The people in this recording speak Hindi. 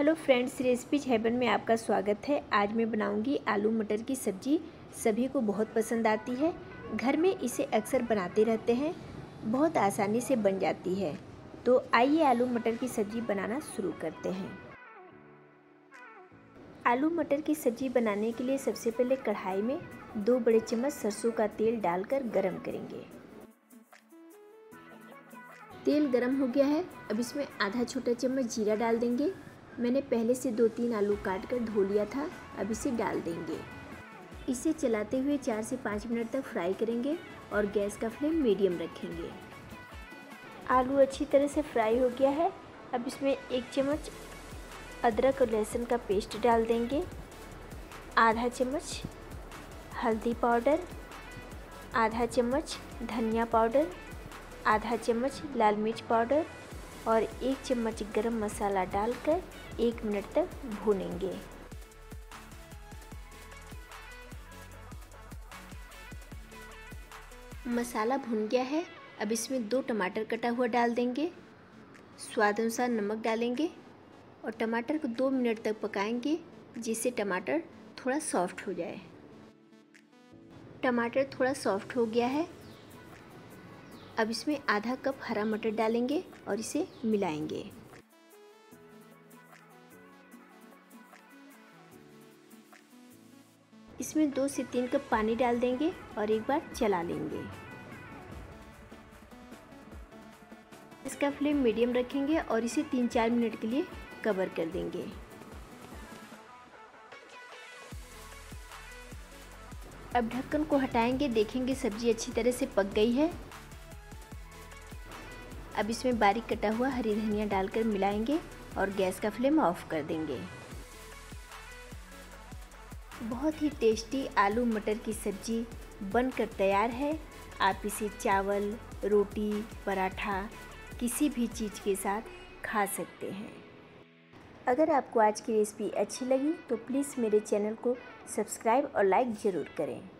हेलो फ्रेंड्स रेसिपीज हेवन में आपका स्वागत है आज मैं बनाऊंगी आलू मटर की सब्ज़ी सभी को बहुत पसंद आती है घर में इसे अक्सर बनाते रहते हैं बहुत आसानी से बन जाती है तो आइए आलू मटर की सब्ज़ी बनाना शुरू करते हैं आलू मटर की सब्ज़ी बनाने के लिए सबसे पहले कढ़ाई में दो बड़े चम्मच सरसों का तेल डालकर गर्म करेंगे तेल गरम हो गया है अब इसमें आधा छोटा चम्मच जीरा डाल देंगे मैंने पहले से दो तीन आलू काट कर धो लिया था अब इसे डाल देंगे इसे चलाते हुए चार से पाँच मिनट तक फ्राई करेंगे और गैस का फ्लेम मीडियम रखेंगे आलू अच्छी तरह से फ्राई हो गया है अब इसमें एक चम्मच अदरक और लहसुन का पेस्ट डाल देंगे आधा चम्मच हल्दी पाउडर आधा चम्मच धनिया पाउडर आधा चम्मच लाल मिर्च पाउडर और एक चम्मच गरम मसाला डालकर एक मिनट तक भूनेंगे मसाला भुन गया है अब इसमें दो टमाटर कटा हुआ डाल देंगे स्वाद अनुसार नमक डालेंगे और टमाटर को दो मिनट तक पकाएंगे जिससे टमाटर थोड़ा सॉफ्ट हो जाए टमाटर थोड़ा सॉफ्ट हो गया है अब इसमें आधा कप हरा मटर डालेंगे और इसे मिलाएंगे इसमें दो से तीन कप पानी डाल देंगे और एक बार चला लेंगे इसका फ्लेम मीडियम रखेंगे और इसे तीन चार मिनट के लिए कवर कर देंगे अब ढक्कन को हटाएंगे देखेंगे सब्जी अच्छी तरह से पक गई है अब इसमें बारीक कटा हुआ हरी धनिया डालकर मिलाएंगे और गैस का फ्लेम ऑफ कर देंगे बहुत ही टेस्टी आलू मटर की सब्जी बनकर तैयार है आप इसे चावल रोटी पराठा किसी भी चीज़ के साथ खा सकते हैं अगर आपको आज की रेसिपी अच्छी लगी तो प्लीज़ मेरे चैनल को सब्सक्राइब और लाइक ज़रूर करें